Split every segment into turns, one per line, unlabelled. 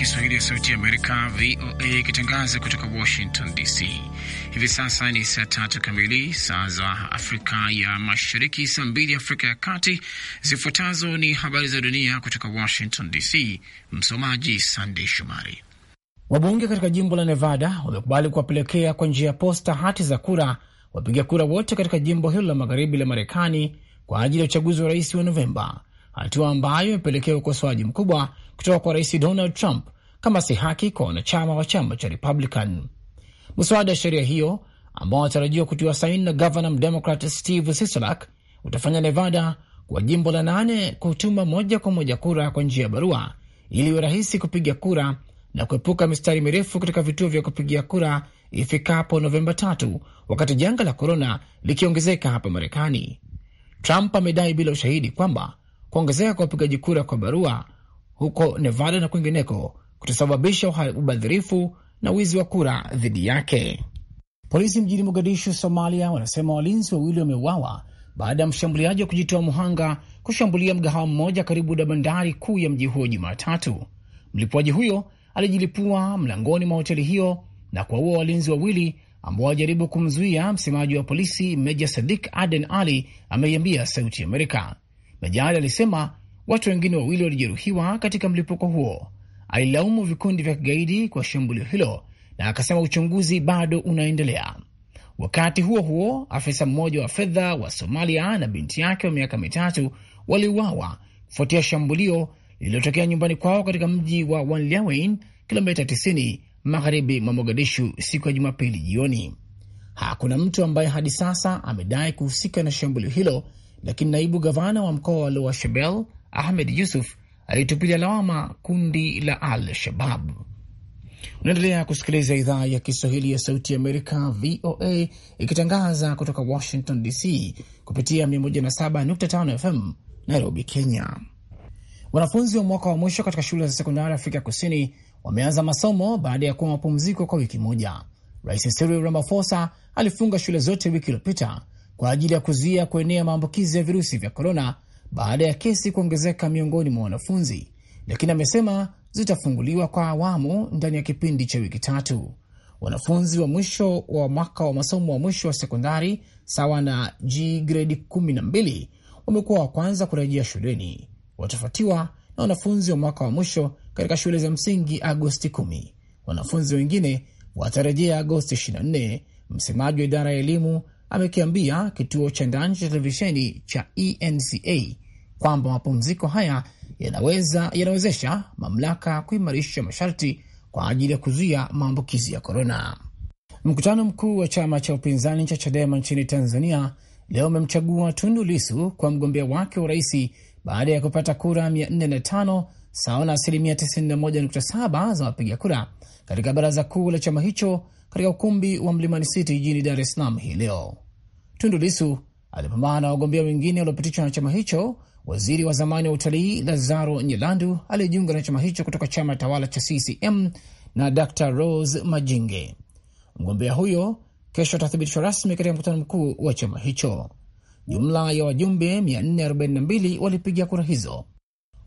Kiswahili ya Sauti ya Amerika, VOA, ikitangaza kutoka Washington DC. Hivi sasa ni saa tatu kamili, saa za Afrika ya Mashariki, saa mbili Afrika ya Kati. Zifuatazo ni habari za dunia kutoka Washington DC. Msomaji Sandey Shomari. Wabunge katika jimbo la Nevada wamekubali kuwapelekea kwa njia ya posta hati za kura wapiga kura wote katika jimbo hilo la magharibi la Marekani kwa ajili ya uchaguzi wa rais wa Novemba, hatua ambayo imepelekea ukosoaji mkubwa kutoka kwa rais Donald Trump kama si haki kwa wanachama wa chama cha Republican. Mswada wa sheria hiyo ambao wanatarajiwa kutiwa saini na gavana mdemokrat Steve Sisolak utafanya Nevada kuwa jimbo la nane kutuma moja kwa moja kura kwa njia ya barua ili iwe rahisi kupiga kura na kuepuka mistari mirefu katika vituo vya kupigia kura ifikapo Novemba tatu, wakati janga la korona likiongezeka hapa Marekani. Trump amedai bila ushahidi kwamba kuongezeka kwa upigaji kura kwa barua huko Nevada na kwingineko kutasababisha ubadhirifu na wizi wa kura dhidi yake. Polisi mjini Mogadishu, Somalia, wanasema walinzi wawili wameuawa baada ya mshambuliaji wa kujitoa muhanga kushambulia mgahawa mmoja karibu na bandari kuu ya mji huo Jumatatu. Mlipuaji huyo alijilipua mlangoni mwa hoteli hiyo na kuwaua walinzi wawili ambao wajaribu kumzuia. Msemaji wa polisi Meja Sadik Aden Ali ameiambia Sauti Amerika. Meja Ali alisema Watu wengine wawili walijeruhiwa katika mlipuko huo. Alilaumu vikundi vya kigaidi kwa shambulio hilo na akasema uchunguzi bado unaendelea. Wakati huo huo, afisa mmoja wa fedha wa Somalia na binti yake wa miaka mitatu waliuawa kufuatia shambulio lililotokea nyumbani kwao katika mji wa Wanliawayn, kilomita 90 magharibi mwa Mogadishu siku ya Jumapili jioni. Hakuna mtu ambaye hadi sasa amedai kuhusika na shambulio hilo, lakini naibu gavana wa mkoa wa Lower Shabelle Ahmed Yusuf alitupilia lawama kundi la Al Shabab. Unaendelea kusikiliza idhaa ya Kiswahili ya Sauti Amerika, VOA, ikitangaza kutoka Washington DC kupitia 107.5 FM Nairobi, Kenya. Wanafunzi wa mwaka wa mwisho katika shule za sekondari Afrika Kusini wameanza masomo baada ya kuwa mapumziko kwa wiki moja. Rais Cyril Ramaphosa alifunga shule zote wiki iliyopita kwa ajili ya kuzuia kuenea maambukizi ya virusi vya korona baada ya kesi kuongezeka miongoni mwa wanafunzi, lakini amesema zitafunguliwa kwa awamu ndani ya kipindi cha wiki tatu. Wanafunzi wa mwisho wa mwaka wa masomo wa mwisho wa sekondari sawa na G gredi 12 wamekuwa wa kwanza kurejea shuleni, watafuatiwa na wanafunzi wa mwaka wa mwisho katika shule za msingi Agosti 10. Wanafunzi wengine watarejea Agosti 24. Msemaji wa idara ya elimu amekiambia kituo cha ndani cha televisheni cha ENCA kwamba mapumziko haya yanaweza yanawezesha mamlaka kuimarisha masharti kwa ajili ya kuzuia maambukizi ya korona. Mkutano mkuu wa chama cha upinzani cha Chadema nchini Tanzania leo amemchagua Tundu Lisu kwa mgombea wake wa uraisi baada ya kupata kura 405 sawa na asilimia 91.7 za wapiga kura katika baraza kuu la chama hicho katika ukumbi wa Mlimani City jijini Dar es Salaam hii leo. Tundu Lisu alipambana na wagombea wengine waliopitishwa na chama hicho, waziri wa zamani wa utalii Lazaro Nyelandu aliyejiunga na chama hicho kutoka chama tawala cha CCM na Dr Rose Majinge. Mgombea huyo kesho atathibitishwa rasmi katika mkutano mkuu wa chama hicho. Jumla ya wajumbe 442 walipiga kura hizo.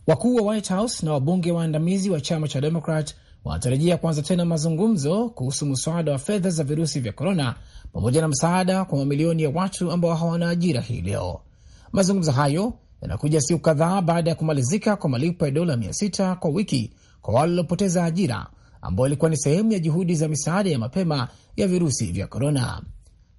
Wakuu wa White House na wabunge waandamizi wa chama cha Demokrat wanatarajia kuanza tena mazungumzo kuhusu mswada wa fedha za virusi vya korona pamoja na msaada kwa mamilioni ya watu ambao hawana ajira hii leo. Mazungumzo hayo yanakuja siku kadhaa baada ya kumalizika kwa malipo ya dola mia sita kwa wiki kwa wale waliopoteza ajira, ambayo ilikuwa ni sehemu ya juhudi za misaada ya mapema ya virusi vya korona.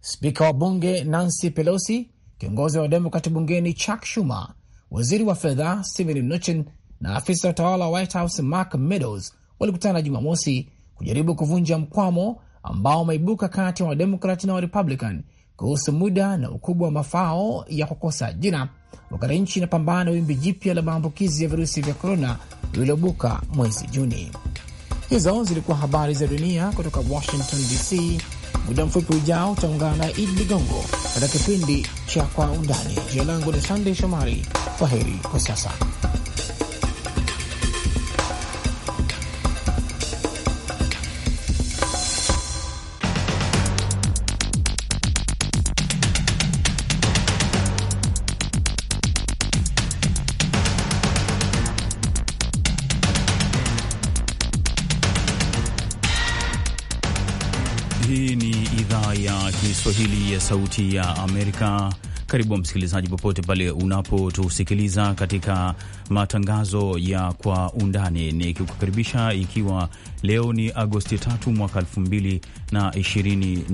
Spika wa bunge Nancy Pelosi, kiongozi wa Demokrati bungeni Chuck Schumer, waziri wa fedha Steven Mnuchin na afisa wa utawala wa White House Mark Meadows walikutana Jumamosi kujaribu kuvunja mkwamo ambao umeibuka kati ya Wademokrat na Warepublican kuhusu muda na ukubwa wa mafao ya kukosa ajira, wakati nchi inapambana wimbi jipya la maambukizi ya virusi vya korona lililobuka mwezi Juni. Hizo zilikuwa habari za dunia kutoka Washington DC. Muda mfupi ujao utaungana na Idi Ligongo katika kipindi cha Kwa Undani. Jina langu ni Sandey Shomari. Kwa heri kwa sasa.
Sauti ya Amerika Karibu msikilizaji, popote pale unapotusikiliza katika matangazo ya Kwa Undani, nikikukaribisha ikiwa leo ni Agosti 3 mwaka 2021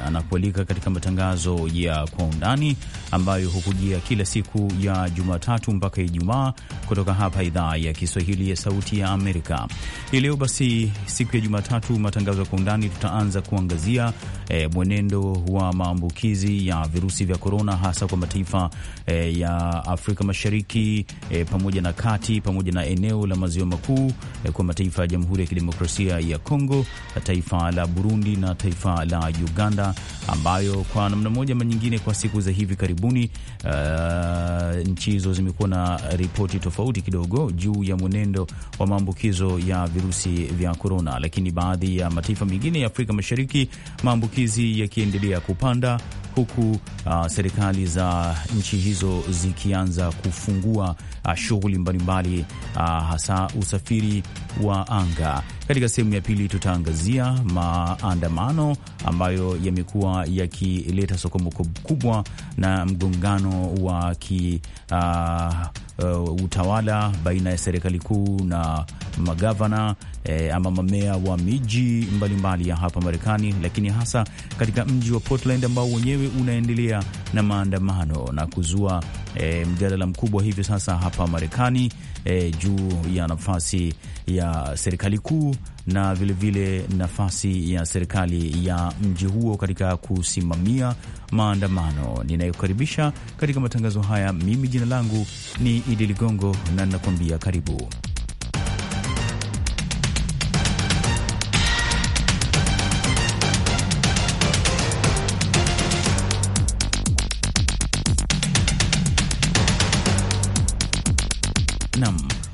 na, na kualika katika matangazo ya Kwa Undani ambayo hukujia kila siku ya Jumatatu mpaka Ijumaa kutoka hapa idhaa ya Kiswahili ya Sauti ya Amerika. Hii leo basi, siku ya Jumatatu, matangazo ya Kwa Undani tutaanza kuangazia e, mwenendo wa maambukizi ya virusi vya korona hasa kwa mataifa e, ya Afrika Mashariki e, pamoja na kati pamoja na eneo la maziwa makuu e, kwa mataifa ya Jamhuri ya Kidemokrasia ya Kongo, taifa la Burundi na taifa la Uganda, ambayo kwa namna moja ama nyingine kwa siku za hivi karibuni uh, nchi hizo zimekuwa na ripoti tofauti kidogo juu ya mwenendo wa maambukizo ya virusi vya korona, lakini baadhi ya mataifa mengine ya Afrika Mashariki maambukizi yakiendelea kupanda huku uh, serikali serikali za nchi hizo zikianza kufungua ah, shughuli mbalimbali, ah, hasa usafiri wa anga. Katika sehemu ya pili tutaangazia maandamano ambayo yamekuwa yakileta sokomoko kubwa na mgongano wa ki uh, uh, utawala baina ya serikali kuu na magavana eh, ama mamea wa miji mbalimbali mbali ya hapa Marekani, lakini hasa katika mji wa Portland ambao wenyewe unaendelea na maandamano na kuzua e, mjadala mkubwa hivi sasa hapa Marekani e, juu ya nafasi ya serikali kuu na vilevile vile nafasi ya serikali ya mji huo katika kusimamia maandamano. Ninayokaribisha katika matangazo haya, mimi jina langu ni Idi Ligongo na ninakuambia karibu.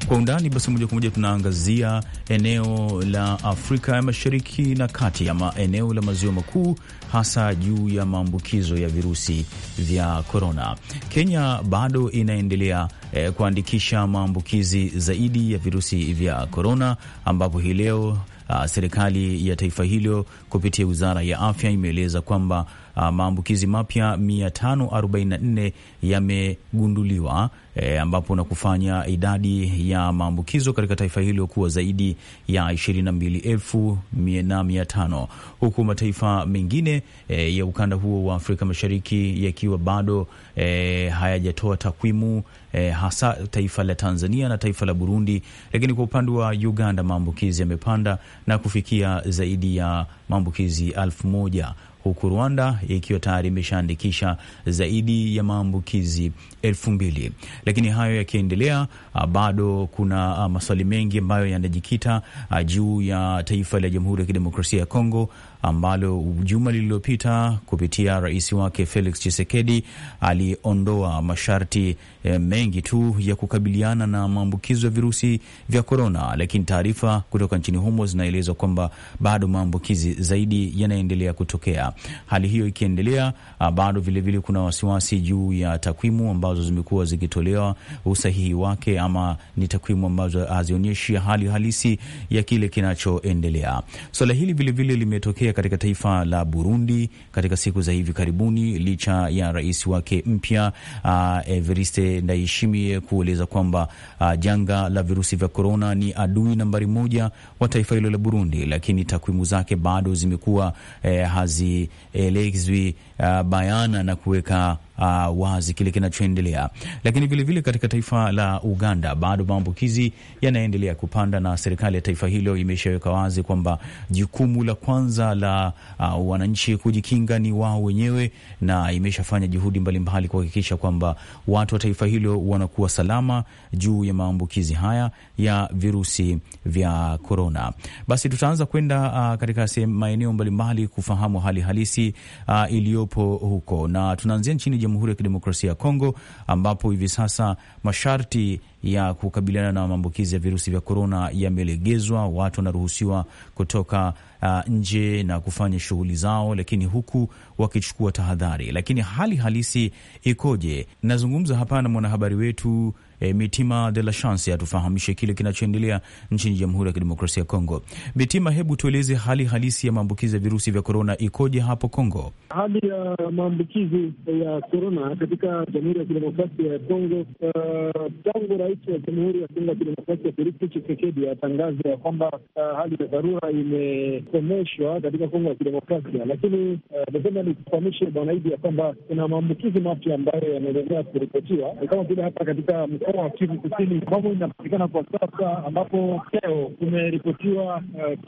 kwa undani. Basi moja kwa moja tunaangazia eneo la Afrika ya Mashariki na Kati ama eneo la Maziwa Makuu, hasa juu ya maambukizo ya virusi vya korona. Kenya bado inaendelea eh, kuandikisha maambukizi zaidi ya virusi vya korona, ambapo hii leo Uh, serikali ya taifa hilo kupitia wizara ya afya imeeleza kwamba uh, maambukizi mapya 544 yamegunduliwa e, ambapo na kufanya idadi ya maambukizo katika taifa hilo kuwa zaidi ya 22,500 huku mataifa mengine e, ya ukanda huo wa Afrika Mashariki yakiwa bado e, hayajatoa takwimu e, hasa taifa la Tanzania na taifa la Burundi, lakini kwa upande wa Uganda maambukizi yamepanda na kufikia zaidi ya maambukizi elfu moja huku Rwanda ikiwa tayari imeshaandikisha zaidi ya maambukizi elfu mbili. Lakini hayo yakiendelea, ah, bado kuna ah, maswali mengi ambayo yanajikita ah, juu ya taifa la Jamhuri ya Kidemokrasia ya Kongo ambalo juma lililopita kupitia rais wake Felix Tshisekedi aliondoa masharti eh, mengi tu ya kukabiliana na maambukizo ya virusi vya korona, lakini taarifa kutoka nchini humo zinaeleza kwamba bado maambukizi zaidi yanaendelea kutokea hali hiyo ikiendelea, ah, bado vilevile kuna wasiwasi juu ya takwimu ambazo zimekuwa zikitolewa usahihi wake, ama ni takwimu ambazo hazionyeshi hali halisi ya kile kinachoendelea. Swala hili vilevile limetokea katika taifa la Burundi katika siku za hivi karibuni, licha ya rais wake mpya uh, Evariste Ndayishimiye kueleza kwamba uh, janga la virusi vya korona ni adui nambari moja wa taifa hilo la Burundi, lakini takwimu zake bado zimekuwa eh, hazi Eh, Alexwi uh, bayana na kuweka uh, wazi kile kinachoendelea. Lakini vilevile katika taifa la Uganda bado maambukizi yanaendelea kupanda, na serikali ya taifa hilo imeshaweka wazi kwamba jukumu la kwanza la uh, wananchi kujikinga ni wao wenyewe, na imeshafanya juhudi mbalimbali kuhakikisha kwamba watu wa taifa hilo wanakuwa salama juu ya maambukizi haya ya virusi vya korona. Basi tutaanza kwenda uh, katika maeneo mbalimbali kufahamu hali halisi uh, iliyo yaliyopo huko, na tunaanzia nchini Jamhuri ya Kidemokrasia ya Kongo ambapo hivi sasa masharti ya kukabiliana na maambukizi ya virusi vya korona yamelegezwa. Watu wanaruhusiwa kutoka uh, nje na kufanya shughuli zao, lakini huku wakichukua tahadhari. Lakini hali halisi ikoje? Nazungumza hapa na mwanahabari wetu e, Mitima de la Chance atufahamishe kile kinachoendelea nchini Jamhuri ya Kidemokrasia ya Kongo. Mitima, hebu tueleze hali halisi ya maambukizi ya virusi vya korona ikoje hapo Kongo?
Hali ya maambukizi ya korona katika Jamhuri ya Kidemokrasia ya Kongo, uh, tangu rais wa Jamhuri ya Kongo ya Kidemokrasia Felix Tshisekedi atangaza ya kwamba uh, hali ya dharura imekomeshwa katika Kongo ya Kidemokrasia, lakini lazima uh, nikufahamishe Bwana Idi ya kwamba kuna maambukizi mapya ambayo yanaendelea kuripotiwa kama vile hapa katika mkoa mkoa wa Kivu Kusini ambapo inapatikana kwa sasa, ambapo leo kumeripotiwa eh,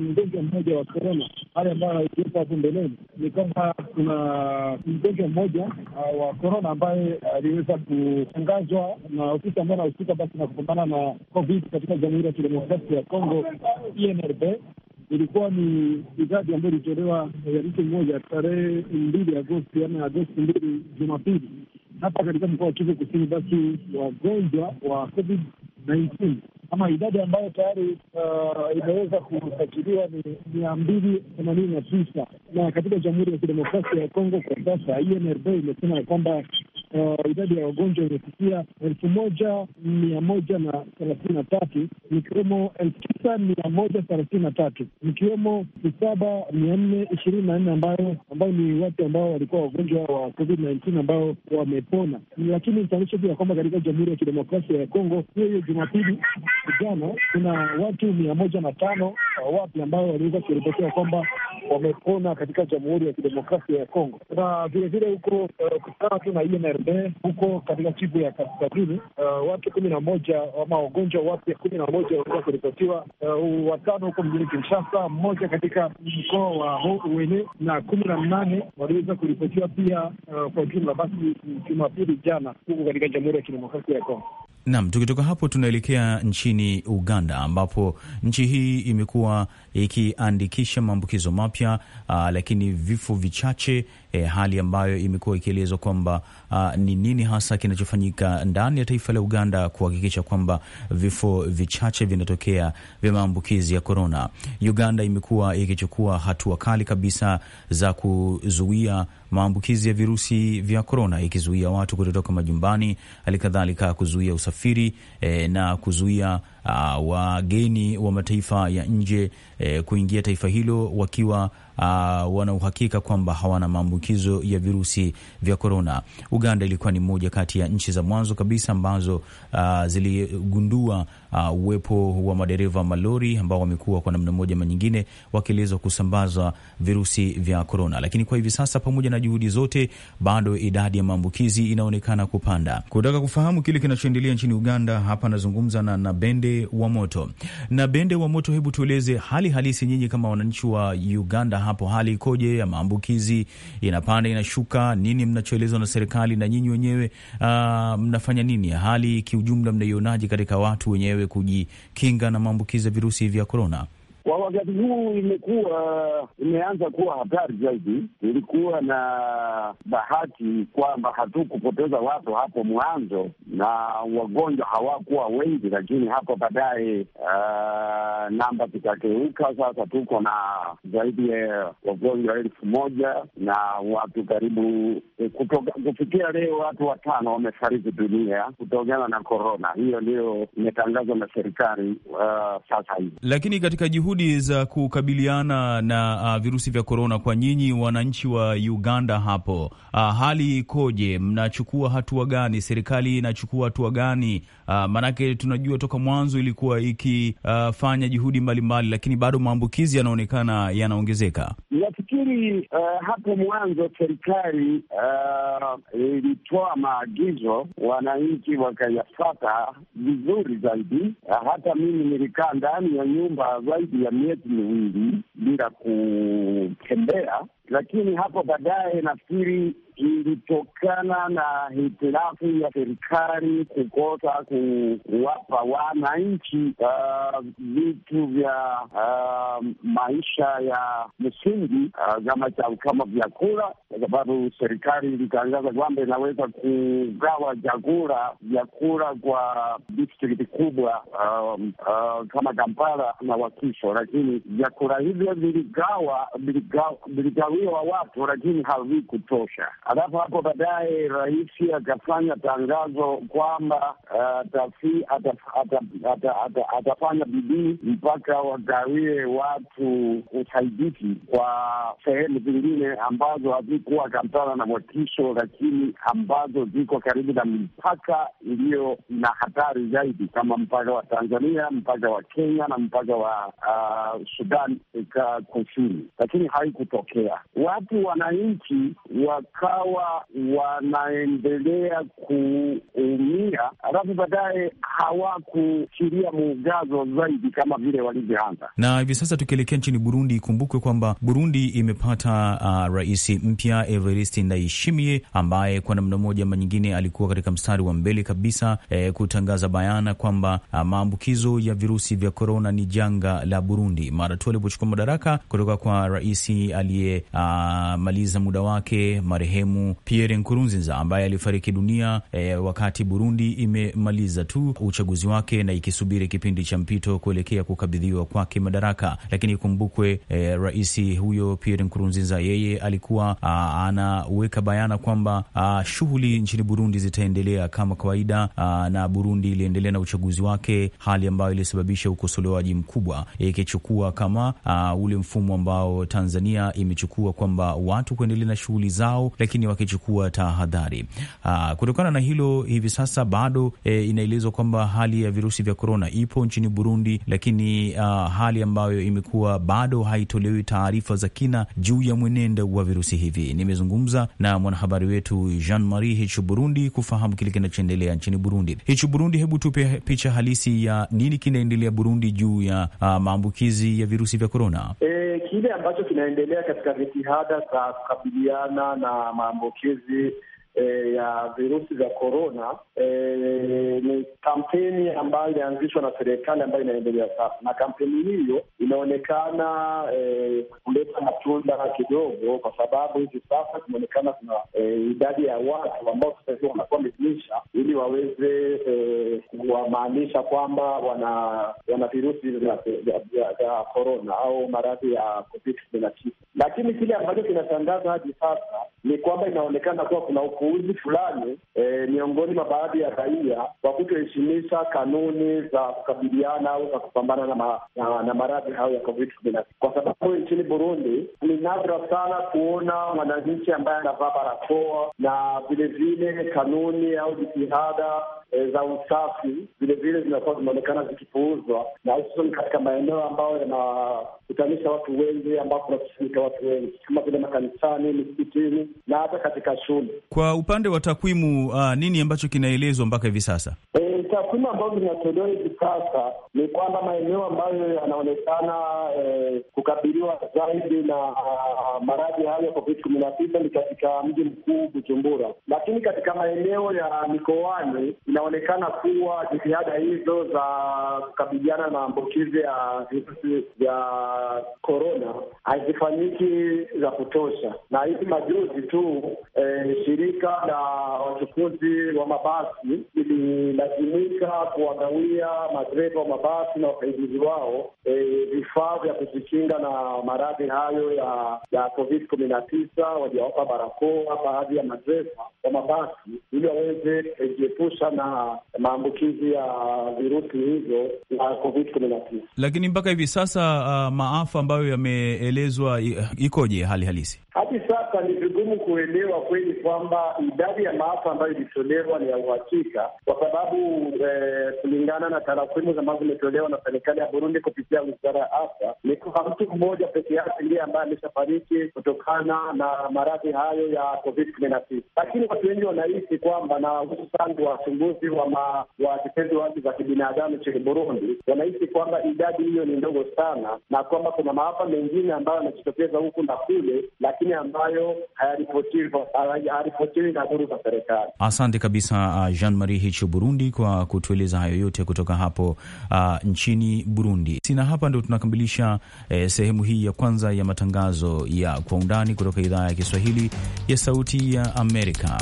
mgonjwa mmoja wa korona, hali ambayo haikuwepo hapo mbeleni. Ni kwamba kuna mgonjwa mmoja eh, wa korona ambaye aliweza kutangazwa na ofisi ambayo anahusika basi na kupambana na COVID katika Jamhuri ya Kidemokrasia ya Kongo, INRB ilikuwa ni idadi ambayo ilitolewa ya mtu mmoja tarehe mbili Agosti, ama yaani Agosti mbili, Jumapili hapa katika mkoa wa Kivu Kusini, basi wagonjwa wa COVID 19 ama idadi ambayo tayari uh, imeweza kusajiliwa ni mia mbili themanini na tisa na katika Jamhuri ya Kidemokrasia ya Kongo kwa sasa INRB imesema ya kwamba uh, idadi ya wagonjwa imefikia elfu moja mia moja na thelathini na tatu nikiwemo elfu tisa mia moja thelathini na tatu nikiwemo elfu saba mia nne ishirini na nne ambayo ambayo ni watu ambao walikuwa wagonjwa wa covid nineteen ambao wamepona. Lakini nitaonyesha pia kwamba katika Jamhuri ya Kidemokrasia ya Kongo hiyo hiyo Jumapili jana kuna watu mia moja na tano uh, wapya ambao waliweza kuripotiwa kwamba wamepona katika Jamhuri ya Kidemokrasia ya Kongo na vilevile huko uh, tu na Berbe huko katika Kivu ya kaskazini. Uh, watu kumi na moja ama wagonjwa wapya kumi na moja walikuwa kuripotiwa, uh, watano huko mjini Kinshasa, mmoja katika mkoa wa Wene na kumi na nane waliweza kuripotiwa pia uh, kwa jumla. Basi Jumapili jana huko katika Jamhuri ya Kidemokrasia ya Kongo.
nam tukitoka hapo tunaelekea nchini Uganda ambapo nchi hii imekuwa ikiandikisha maambukizo mapya, uh, lakini vifo vichache e, hali ambayo imekuwa ikielezwa kwamba ni nini hasa kinachofanyika ndani ya taifa la Uganda kuhakikisha kwamba vifo vichache vinatokea vya maambukizi ya korona. Uganda imekuwa ikichukua hatua kali kabisa za kuzuia maambukizi ya virusi vya korona, ikizuia watu kutotoka majumbani, hali kadhalika kuzuia usafiri e, na kuzuia wageni wa mataifa ya nje e, kuingia taifa hilo wakiwa uh, wana uhakika kwamba hawana maambukizo ya virusi vya korona. Uganda ilikuwa ni moja kati ya nchi za mwanzo kabisa ambazo uh, ziligundua uh, uwepo wa madereva malori ambao wamekuwa kwa namna moja nyingine wakielezwa kusambaza virusi vya korona, lakini kwa hivi sasa, pamoja na juhudi zote, bado idadi ya maambukizi inaonekana kupanda. Kutaka kufahamu kile kinachoendelea nchini Uganda, hapa anazungumza na Nabende wa Moto. Nabende wa Moto, hebu tueleze hali halisi, nyinyi kama wananchi wa Uganda, hapo hali ikoje ya maambukizi? Inapanda, inashuka? Nini mnachoelezwa na serikali na nyinyi wenyewe uh, mnafanya nini? Hali kiujumla mnaionaje katika watu wenyewe wenyewe kujikinga na maambukizi ya virusi vya korona.
Kwa wakati huu imekuwa imeanza kuwa hatari zaidi. Tulikuwa na bahati kwamba hatukupoteza watu hapo mwanzo na wagonjwa hawakuwa wengi, lakini hapo baadaye uh, namba zikageuka. Sasa tuko na zaidi ya wagonjwa elfu moja na watu karibu eh, kutoka, kufikia leo watu watano wamefariki dunia kutokana na korona. Hiyo ndiyo imetangazwa na serikali uh, sasa hivi,
lakini katika juhudi juhudi za kukabiliana na uh, virusi vya korona kwa nyinyi wananchi wa Uganda hapo, uh, hali ikoje? Mnachukua hatua gani? Serikali inachukua hatua gani? Uh, maanake tunajua toka mwanzo ilikuwa ikifanya uh, juhudi mbalimbali mbali, lakini bado maambukizi yanaonekana yanaongezeka.
Nafikiri uh, hapo mwanzo serikali uh, ilitoa maagizo, wananchi wakayafata vizuri zaidi. Uh, hata mimi nilikaa ndani ya nyumba zaidi ya miezi miwili bila kutembea lakini hapo baadaye nafikiri ilitokana na hitilafu ya serikali kukosa kuwapa wananchi uh, vitu vya uh, maisha ya msingi uh, kama vyakula, kwa sababu serikali ilitangaza kwamba inaweza kugawa chakula vyakula kwa distrikti kubwa um, uh, kama Kampala na Wakiso, lakini vyakula hivyo viligawa viligawa mgawio wa watu, lakini havikutosha. Alafu hapo baadaye rais akafanya tangazo kwamba uh, atafanya bidii mpaka wagawie watu usaidizi kwa sehemu zingine ambazo hazikuwa Kampala na Mwakisho, lakini ambazo ziko karibu na mipaka iliyo na hatari zaidi kama mpaka wa Tanzania, mpaka wa Kenya na mpaka wa uh, Sudan eh, kusini, lakini haikutokea watu wananchi wakawa wanaendelea kuumia, alafu baadaye hawakuchilia muugazo zaidi kama vile walivyoanza.
Na hivi sasa tukielekea nchini Burundi, ikumbukwe kwamba Burundi imepata uh, rais mpya Evariste Ndayishimiye ambaye kwa namna moja ama nyingine alikuwa katika mstari wa mbele kabisa eh, kutangaza bayana kwamba uh, maambukizo ya virusi vya korona ni janga la Burundi mara tu alipochukua madaraka kutoka kwa rais aliye amaliza muda wake marehemu Pierre Nkurunziza ambaye alifariki dunia e, wakati Burundi imemaliza tu uchaguzi wake na ikisubiri kipindi cha mpito kuelekea kukabidhiwa kwake madaraka. Lakini ikumbukwe e, rais huyo Pierre Nkurunziza yeye alikuwa a, anaweka bayana kwamba shughuli nchini Burundi zitaendelea kama kawaida a, na Burundi iliendelea na uchaguzi wake, hali ambayo ilisababisha ukosolewaji mkubwa ikichukua kama a, ule mfumo ambao Tanzania imechukua kujua kwamba watu kuendelea na shughuli zao, lakini wakichukua tahadhari. Ah, kutokana na hilo, hivi sasa bado e, inaelezwa kwamba hali ya virusi vya korona ipo nchini Burundi, lakini a, ah, hali ambayo imekuwa bado haitolewi taarifa za kina juu ya mwenendo wa virusi hivi. Nimezungumza na mwanahabari wetu Jean Marie Hichu Burundi kufahamu kile kinachoendelea nchini Burundi. Hichu Burundi, hebu tupe picha halisi ya nini kinaendelea Burundi juu ya ah, maambukizi ya virusi vya korona.
E, eh, kile ambacho kinaendelea katika jitihada za kukabiliana na maambukizi e, ya virusi vya korona e, ni kampeni ambayo ilianzishwa na serikali ambayo inaendelea sasa, na kampeni hiyo inaonekana e, kuleta matunda kidogo, kwa sababu hivi sasa kunaonekana kuna e, idadi ya watu ambao sasa hivi wanakuwa wamejimisha ili waweze e, kuwamaanisha kwamba wana wana virusi vya korona au maradhi ya covid kumi na tisa, lakini kile ambacho kinatangaza hadi sasa ni kwamba inaonekana kuwa kuna uku upuuzi fulani e, miongoni mwa baadhi ya raia kwa kutoheshimisha kanuni za kukabiliana au za kupambana na, ma, na, na maradhi hayo ya COVID kumi na tisa, kwa sababu nchini Burundi ni nadra sana kuona mwananchi ambaye anavaa barakoa na vilevile kanuni au jitihada e, za usafi vilevile zinakuwa zinaonekana zikipuuzwa, na hususan katika maeneo ambayo yanakutanisha watu wengi, ambapo kunakusanyika watu wengi kama vile makanisani, misikitini na hata katika shule.
Kwa upande wa takwimu, uh, nini ambacho kinaelezwa mpaka hivi sasa?
e, takwimu ambazo zinatolewa hivi sasa ni kwamba maeneo ambayo yanaonekana eh, kukabiliwa zaidi na uh, maradhi hayo ya Covid kumi na tisa ni katika mji mkuu Bujumbura, lakini katika maeneo ya mikoani inaonekana kuwa jitihada hizo za kukabiliana na maambukizi ya virusi vya korona hazifanyiki za kutosha, na hivi majuzi tu eh, shirika la wachukuzi wa mabasi ililazimia katika kuwagawia madereva wa mabasi na wasaidizi wao e, vifaa e, vya kujikinga na maradhi hayo ya ya Covid kumi na tisa. Wajawapa barakoa baadhi ya madereva wa mabasi ili waweze e, kujiepusha na maambukizi ya virusi hivyo ya Covid kumi na tisa.
Lakini mpaka hivi sasa uh, maafa ambayo yameelezwa ikoje hali halisi
hadi sasa ni vigumu kuelewa kwamba idadi ya maafa ambayo ilitolewa ni ya uhakika, kwa sababu eh, kulingana na tarakwimu ambazo zimetolewa na serikali ya Burundi kupitia wizara ya afya ni kwamba mtu mmoja peke yake ndiye ambaye ameshafariki kutokana na maradhi hayo ya covid kumi na tisa, lakini watu wengi wanahisi kwamba na hususan wachunguzi wa watetezi wa haki za kibinadamu nchini Burundi wanahisi kwamba idadi hiyo ni ndogo sana na kwamba kuna maafa mengine ambayo yanajitokeza huku na kule, lakini ambayo hayaripotiwi haripotiwi na duru za serikali.
Asante kabisa uh, Jean Marie Hicho Burundi kwa kutueleza hayo yote kutoka hapo uh, nchini Burundi. Sina hapa ndo tunakamilisha eh, sehemu hii ya kwanza ya matangazo ya kwa undani kutoka idhaa ya Kiswahili ya Sauti ya Amerika.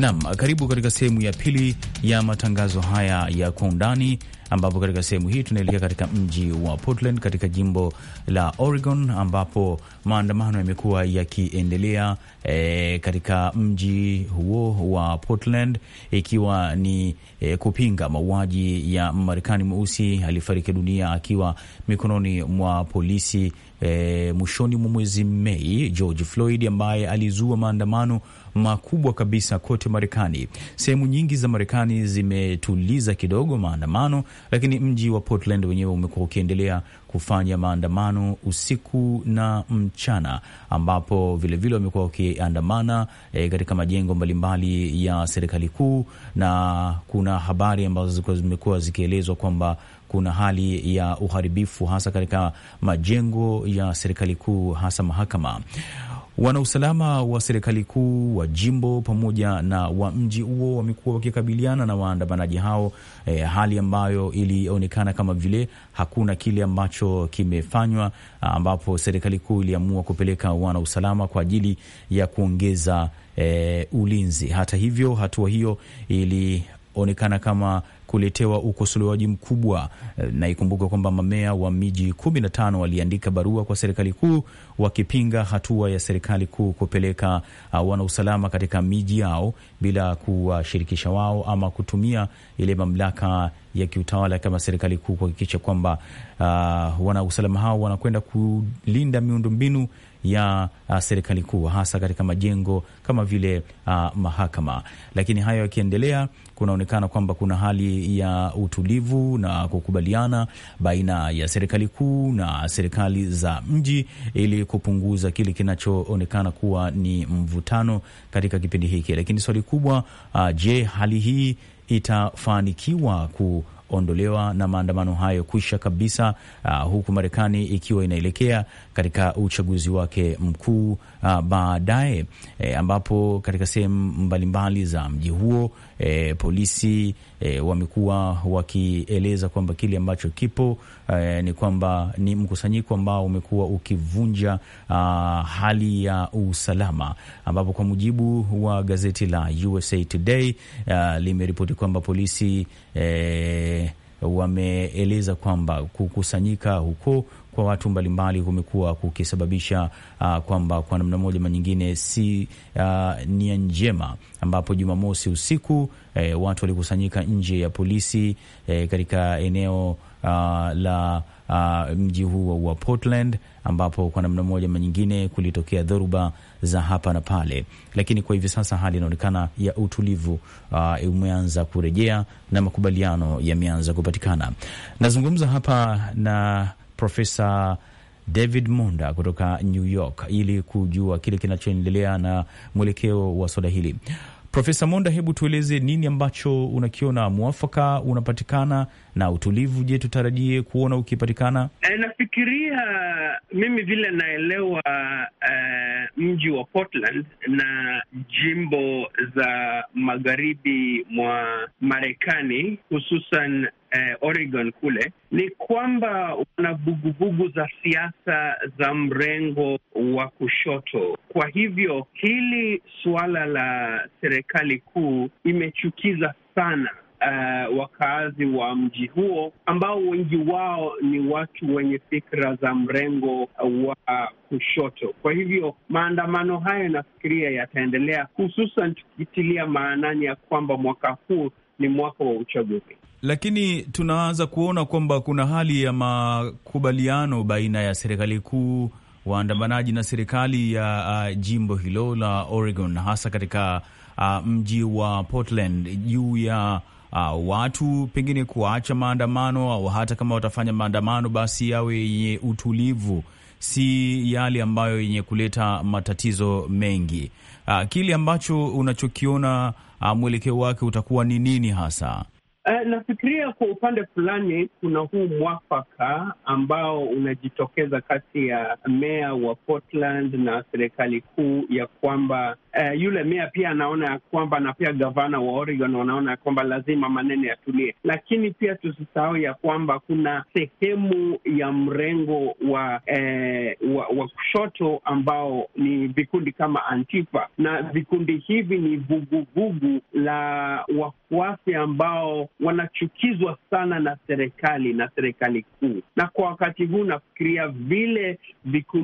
Nam, karibu katika sehemu ya pili ya matangazo haya ya kwa undani, ambapo katika sehemu hii tunaelekea katika mji wa Portland katika jimbo la Oregon, ambapo maandamano yamekuwa yakiendelea e, katika mji huo wa Portland, ikiwa ni e, kupinga mauaji ya Marekani mweusi alifariki dunia akiwa mikononi mwa polisi e, mwishoni mwa mwezi Mei, George Floyd ambaye alizua maandamano makubwa kabisa kote Marekani. Sehemu nyingi za Marekani zimetuliza kidogo maandamano, lakini mji wa Portland wenyewe umekuwa ukiendelea kufanya maandamano usiku na mchana, ambapo vilevile wamekuwa wakiandamana e, katika majengo mbalimbali ya serikali kuu, na kuna habari ambazo zimekuwa zikielezwa kwamba kuna hali ya uharibifu hasa katika majengo ya serikali kuu, hasa mahakama. Wanausalama wa serikali kuu wa jimbo pamoja na wa mji huo wamekuwa wakikabiliana na waandamanaji hao, eh, hali ambayo ilionekana kama vile hakuna kile ambacho kimefanywa, ambapo serikali kuu iliamua kupeleka wanausalama kwa ajili ya kuongeza eh, ulinzi. Hata hivyo hatua hiyo ili onekana kama kuletewa ukosolewaji mkubwa. Eh, na ikumbuke kwamba mamea wa miji 15 waliandika barua kwa serikali kuu wakipinga hatua ya serikali kuu kupeleka uh, wanausalama katika miji yao bila kuwashirikisha wao ama kutumia ile mamlaka ya kiutawala kama serikali kuu kuhakikisha kwamba uh, wanausalama hao wanakwenda kulinda miundombinu ya uh, serikali kuu hasa katika majengo kama vile uh, mahakama. Lakini hayo yakiendelea, kunaonekana kwamba kuna hali ya utulivu na kukubaliana baina ya serikali kuu na serikali za mji ili kupunguza kile kinachoonekana kuwa ni mvutano katika kipindi hiki. Lakini swali kubwa uh, je, hali hii itafanikiwa ku kuondolewa na maandamano hayo kwisha kabisa, uh, huku Marekani ikiwa inaelekea katika uchaguzi wake mkuu uh, baadaye e, ambapo katika sehemu mbalimbali za mji huo e, polisi e, wamekuwa wakieleza kwamba kile ambacho kipo e, ni kwamba ni mkusanyiko ambao umekuwa ukivunja a, hali ya usalama, ambapo kwa mujibu wa gazeti la USA Today limeripoti kwamba polisi e, wameeleza kwamba kukusanyika huko kwa watu mbalimbali kumekuwa kukisababisha uh, kwamba kwa namna moja manyingine si uh, nia njema, ambapo Jumamosi usiku eh, watu walikusanyika nje ya polisi eh, katika eneo uh, la Uh, mji huu wa Portland ambapo kwa namna moja manyingine kulitokea dhoruba za hapa na pale, lakini kwa hivi sasa hali inaonekana ya utulivu uh, umeanza kurejea na makubaliano yameanza kupatikana. Nazungumza hapa na Profesa David Munda kutoka New York ili kujua kile kinachoendelea na mwelekeo wa suala hili. Profesa Monda, hebu tueleze nini ambacho unakiona mwafaka unapatikana na utulivu, je, tutarajie kuona ukipatikana?
E, nafikiria mimi vile naelewa uh, mji wa Portland na jimbo za magharibi mwa Marekani hususan eh, Oregon kule ni kwamba wana vuguvugu za siasa za mrengo wa kushoto. Kwa hivyo hili suala la serikali kuu imechukiza sana Uh, wakaazi wa mji huo ambao wengi wao ni watu wenye fikra za mrengo wa kushoto. Kwa hivyo maandamano hayo nafikiria yataendelea, hususan tukitilia maanani ya kwamba mwaka huu ni mwaka wa uchaguzi,
lakini tunaanza kuona kwamba kuna hali ya makubaliano baina ya serikali kuu, waandamanaji na serikali ya uh, jimbo hilo la Oregon, hasa katika uh, mji wa Portland juu ya Uh, watu pengine kuacha maandamano au hata kama watafanya maandamano basi yawe yenye utulivu, si yale ambayo yenye kuleta matatizo mengi uh, kile ambacho unachokiona uh, mwelekeo wake utakuwa ni nini hasa?
Uh, nafikiria kwa upande fulani kuna huu mwafaka ambao unajitokeza kati ya meya wa Portland na serikali kuu ya kwamba eh, yule mea pia anaona ya kwamba na pia gavana wa Oregon wanaona ya kwamba lazima maneno yatulie, lakini pia tusisahau ya kwamba kuna sehemu ya mrengo wa, eh, wa wa kushoto ambao ni vikundi kama Antifa na vikundi hivi ni vuguvugu la wafuasi ambao wanachukizwa sana na serikali na serikali kuu, na kwa wakati huu nafikiria vile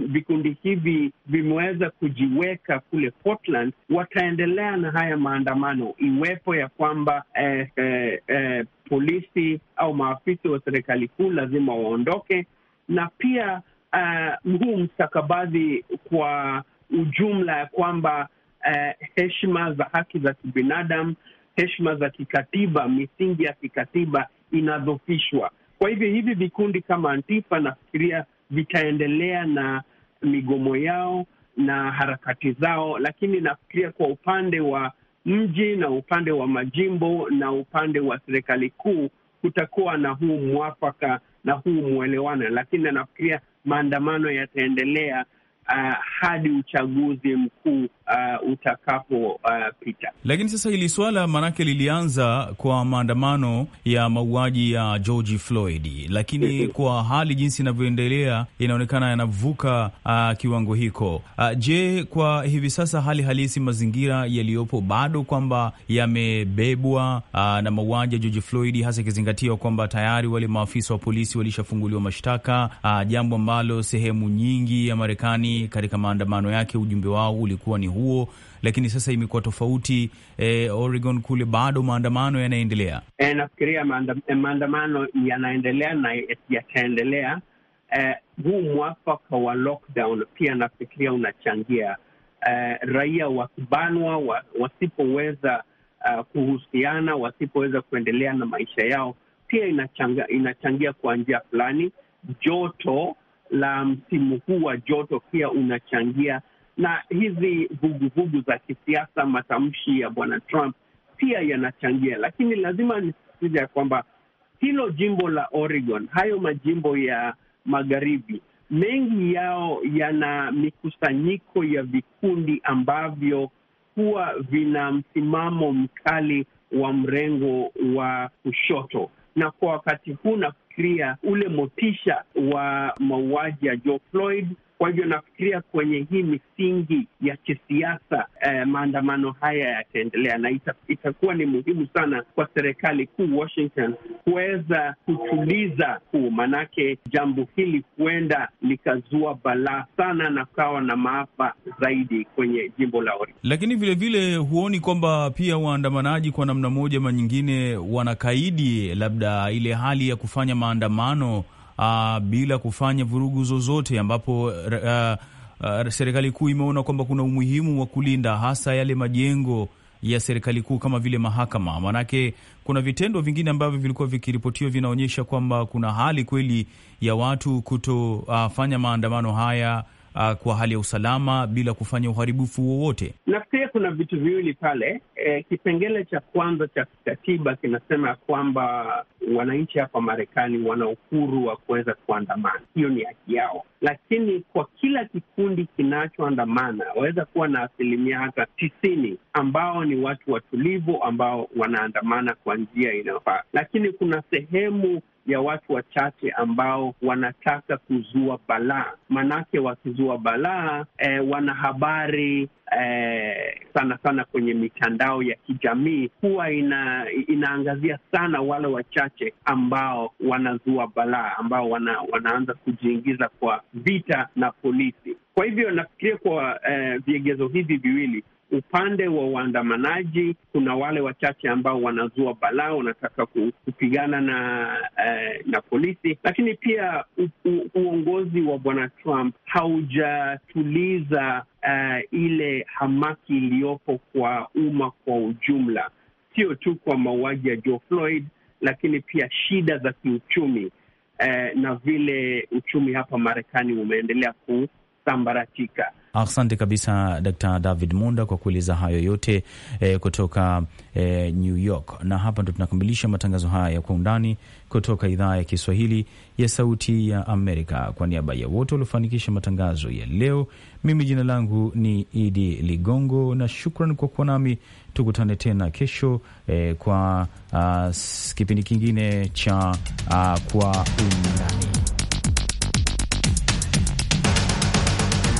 vikundi hivi vimeweza kujiweka kule Portland, Finland wataendelea na haya maandamano iwepo ya kwamba eh, eh, eh, polisi au maafisa wa serikali kuu lazima waondoke, na pia uh, huu mstakabadhi kwa ujumla ya kwamba uh, heshima za haki za kibinadamu, heshima za kikatiba, misingi ya kikatiba inadhofishwa. Kwa hivyo hivi vikundi kama Antifa nafikiria vitaendelea na migomo yao na harakati zao, lakini nafikiria kwa upande wa mji na upande wa majimbo na upande wa serikali kuu kutakuwa na huu mwafaka na huu mwelewano, lakini nafikiria maandamano yataendelea uh, hadi uchaguzi mkuu uh, utakapopita. Uh,
lakini
sasa hili swala maanake lilianza kwa maandamano ya mauaji ya George Floyd, lakini mm-hmm. kwa hali jinsi inavyoendelea inaonekana yanavuka uh, kiwango hiko. Uh, je, kwa hivi sasa hali halisi mazingira yaliyopo bado kwamba yamebebwa uh, na mauaji ya George Floyd, hasa ikizingatiwa kwamba tayari wale maafisa wa polisi walishafunguliwa mashtaka uh, jambo ambalo sehemu nyingi ya Marekani katika maandamano yake, ujumbe wao ulikuwa ni huo, lakini sasa imekuwa tofauti. E, Oregon kule bado maandamano yanaendelea.
E, nafikiria eh, maandamano yanaendelea na yataendelea. E, huu mwafaka wa lockdown pia nafikiria unachangia e, raia wakibanwa, wa, wasipoweza uh, kuhusiana, wasipoweza kuendelea na maisha yao pia inachangia, inachangia kwa njia fulani joto la msimu huu wa joto pia unachangia, na hizi vuguvugu za kisiasa, matamshi ya bwana Trump pia yanachangia. Lakini lazima nisisitize ya kwamba hilo jimbo la Oregon, hayo majimbo ya magharibi, mengi yao yana mikusanyiko ya vikundi ambavyo huwa vina msimamo mkali wa mrengo wa kushoto, na kwa wakati huu na kufikiria ule motisha wa mauaji ya George Floyd kwa hivyo nafikiria kwenye hii misingi ya kisiasa eh, maandamano haya yataendelea na ita, itakuwa ni muhimu sana kwa serikali kuu Washington kuweza kutuliza kuu, maanake jambo hili huenda likazua balaa sana na kukawa na maafa zaidi kwenye jimbo la Oregon.
Lakini vilevile vile huoni kwamba pia waandamanaji kwa namna moja ama nyingine wanakaidi labda ile hali ya kufanya maandamano uh, bila kufanya vurugu zozote, ambapo uh, uh, serikali kuu imeona kwamba kuna umuhimu wa kulinda hasa yale majengo ya serikali kuu kama vile mahakama. Maanake kuna vitendo vingine ambavyo vilikuwa vikiripotiwa vinaonyesha kwamba kuna hali kweli ya watu kutofanya ah, uh, maandamano haya uh, kwa hali ya usalama bila kufanya uharibifu wowote?
Nafikiria kuna vitu viwili pale. E, kipengele cha kwanza cha kikatiba kinasema kwamba wananchi hapa Marekani wana uhuru wa kuweza kuandamana, hiyo ni haki yao, lakini kwa kila kikundi kinachoandamana waweza kuwa na asilimia hata tisini ambao ni watu watulivu ambao wanaandamana kwa njia inayofaa, lakini kuna sehemu ya watu wachache ambao wanataka kuzua balaa. Manake wakizua balaa eh, wanahabari Eh, sana sana kwenye mitandao ya kijamii huwa ina, inaangazia sana wale wachache ambao wanazua balaa, ambao wana, wanaanza kujiingiza kwa vita na polisi. Kwa hivyo nafikiria kwa eh, viegezo hivi viwili upande wa waandamanaji kuna wale wachache ambao wanazua balaa, wanataka kupigana na eh, na polisi, lakini pia u, u, uongozi wa bwana Trump haujatuliza eh, ile hamaki iliyopo kwa umma kwa ujumla, sio tu kwa mauaji ya George Floyd, lakini pia shida za kiuchumi eh, na vile uchumi hapa Marekani umeendelea kusambaratika.
Asante kabisa Dkt. David Munda kwa kueleza hayo yote eh, kutoka eh, New York. Na hapa ndo tunakamilisha matangazo haya ya kwa undani kutoka idhaa ya Kiswahili ya Sauti ya Amerika. Kwa niaba ya wote waliofanikisha matangazo ya leo, mimi jina langu ni Idi Ligongo na shukran kwa kuwa nami. Tukutane tena kesho eh, kwa uh, kipindi kingine cha uh, kwa undani.